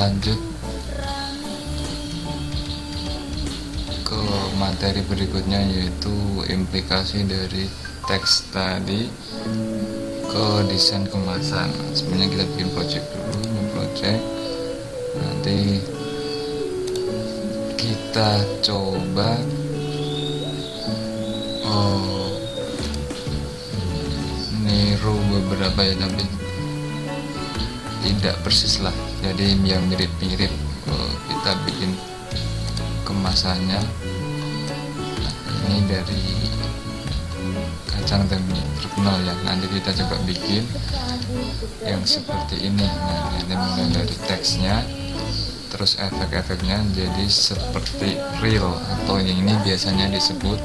lanjut ke materi berikutnya yaitu implikasi dari teks tadi ke desain kemasan sebenarnya kita bikin project dulu ini project nanti kita coba oh, niru beberapa ya tapi tidak persis lah jadi yang mirip-mirip kita bikin kemasannya ini dari kacang demi terkenal ya nanti kita coba bikin yang seperti ini nah nanti mulai dari teksnya terus efek-efeknya jadi seperti real atau yang ini biasanya disebut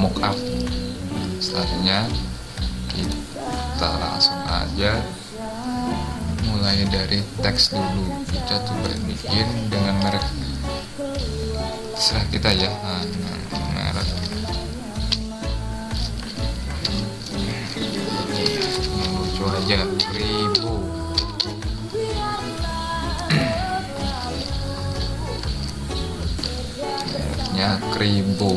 mock up selanjutnya kita langsung aja mulai dari teks dulu kita coba bikin dengan merek serah kita ya nah, merek lucu aja ribu mereknya kribo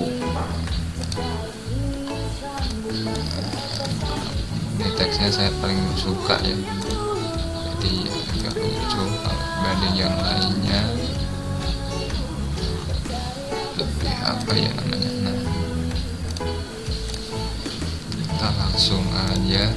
ini teksnya saya paling suka ya apa ya namanya nah kita langsung aja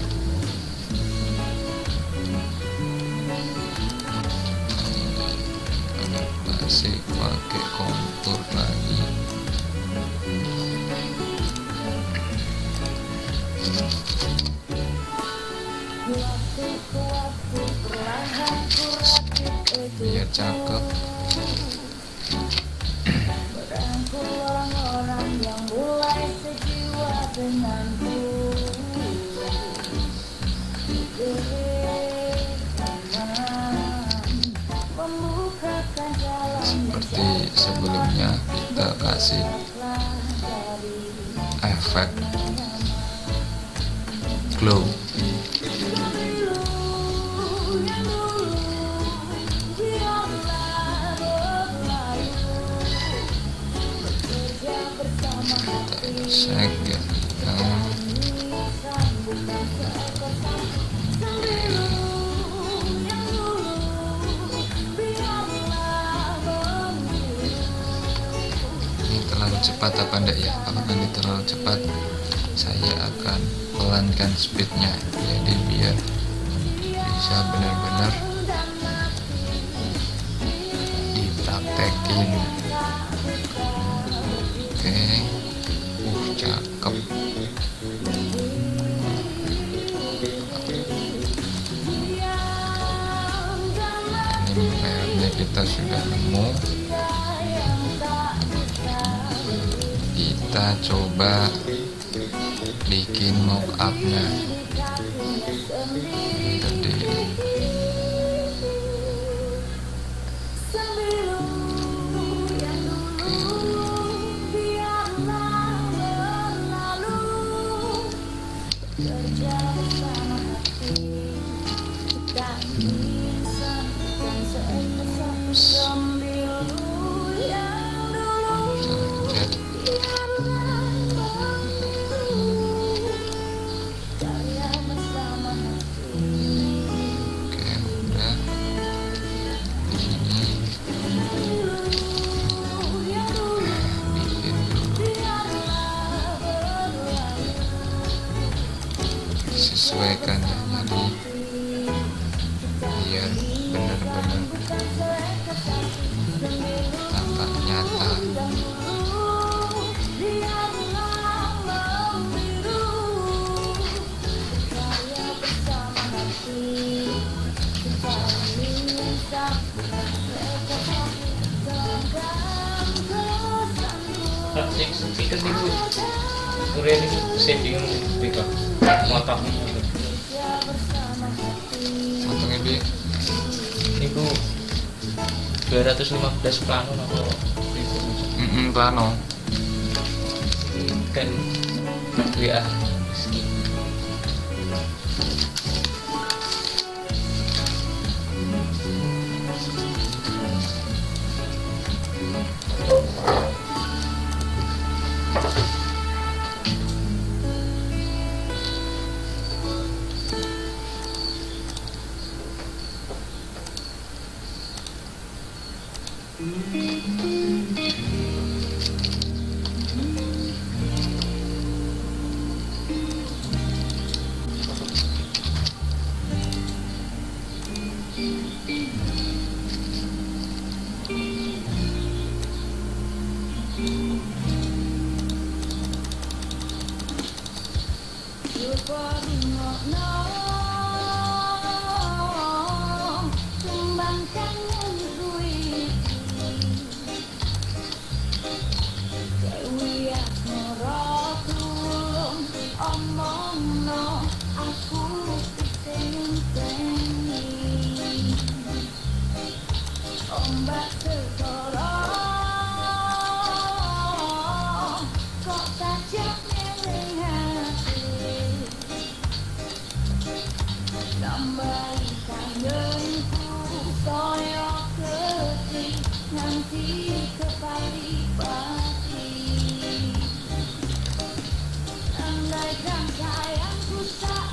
glow. terlalu cepat apa enggak ya apakah ini terlalu cepat saya akan pelankan speednya jadi biar bisa benar-benar dipraktekin oke okay. uh cakep ini kayaknya kita sudah nemu kita coba bikin mock upnya kuliah di sending BK mata untungnya bi itu 215 plano apa mm -mm, plano dan WA You probably not know. Andaikan sayangku saat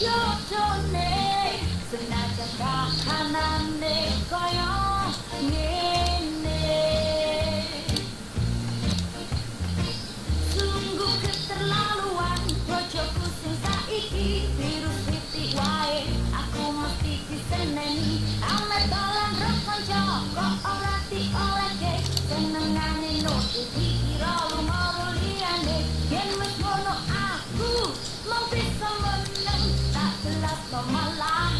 You your name. all my life.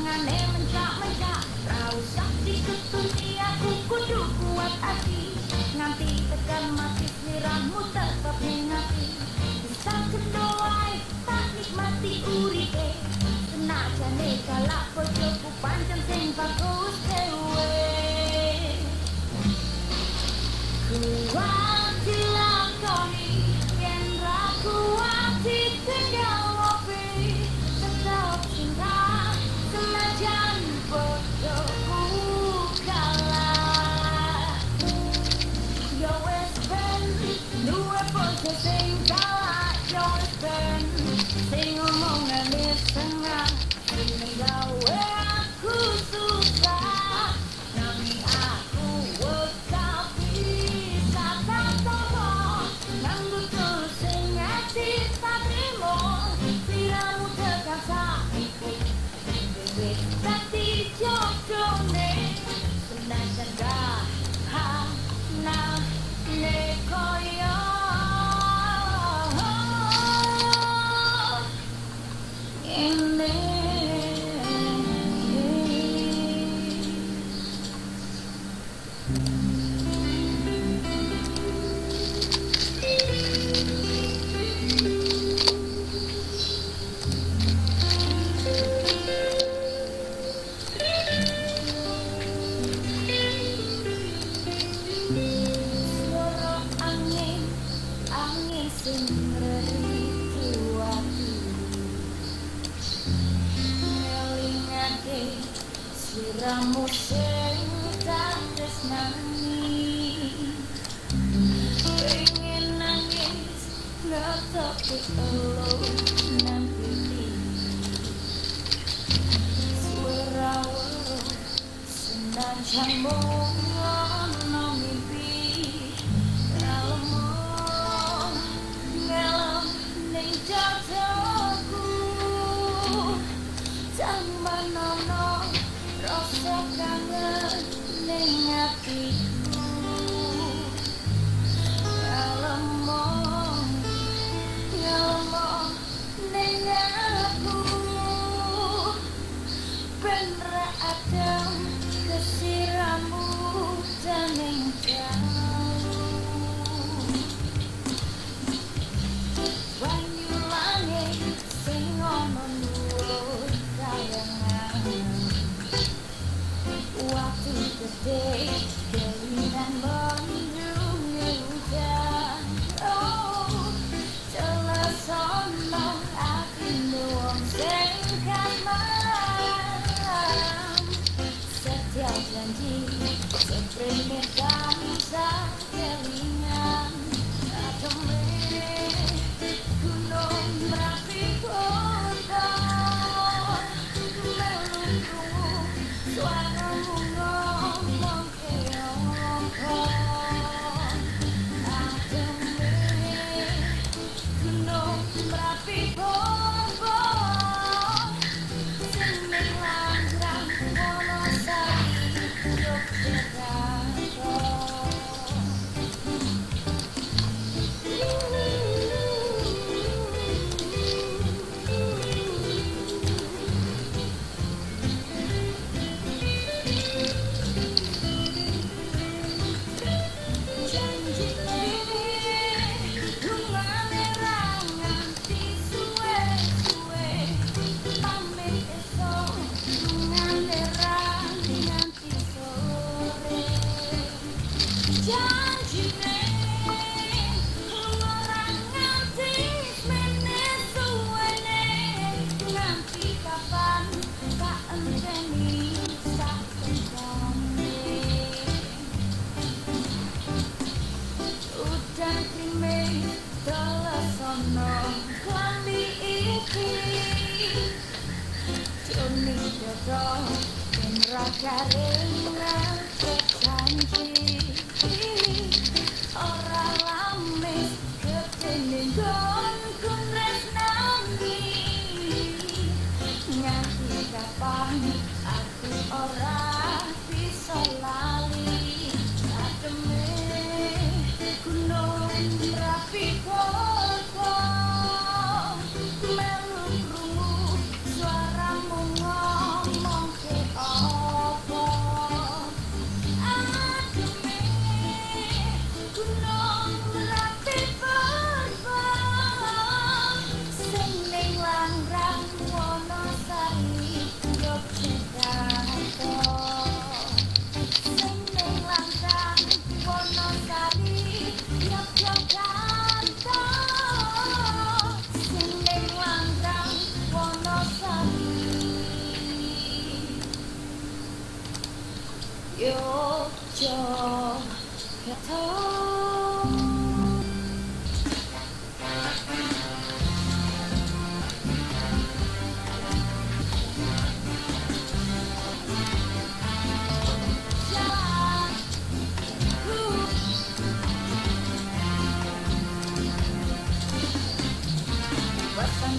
Macam ni kalau kau cukup panjang sing bagus 像梦啊。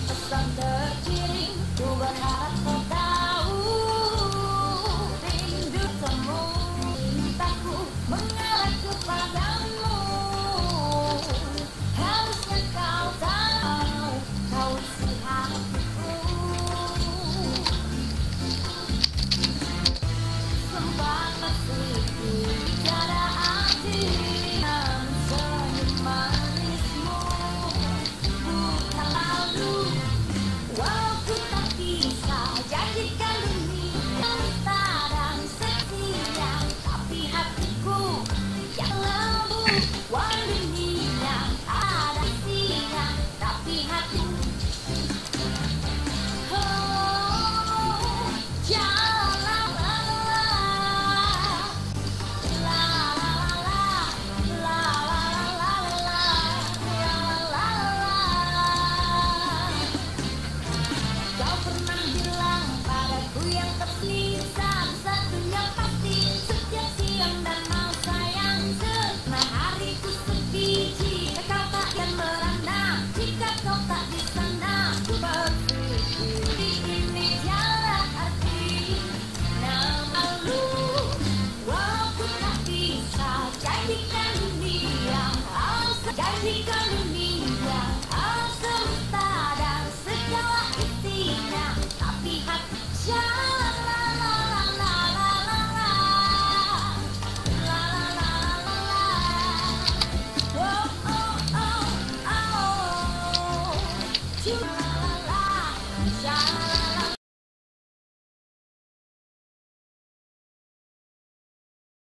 天上的星，如果它。Because